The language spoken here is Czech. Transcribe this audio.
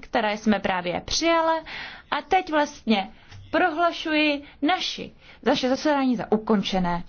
které jsme právě přijali. A teď vlastně prohlašuji naši, naše zasedání za ukončené.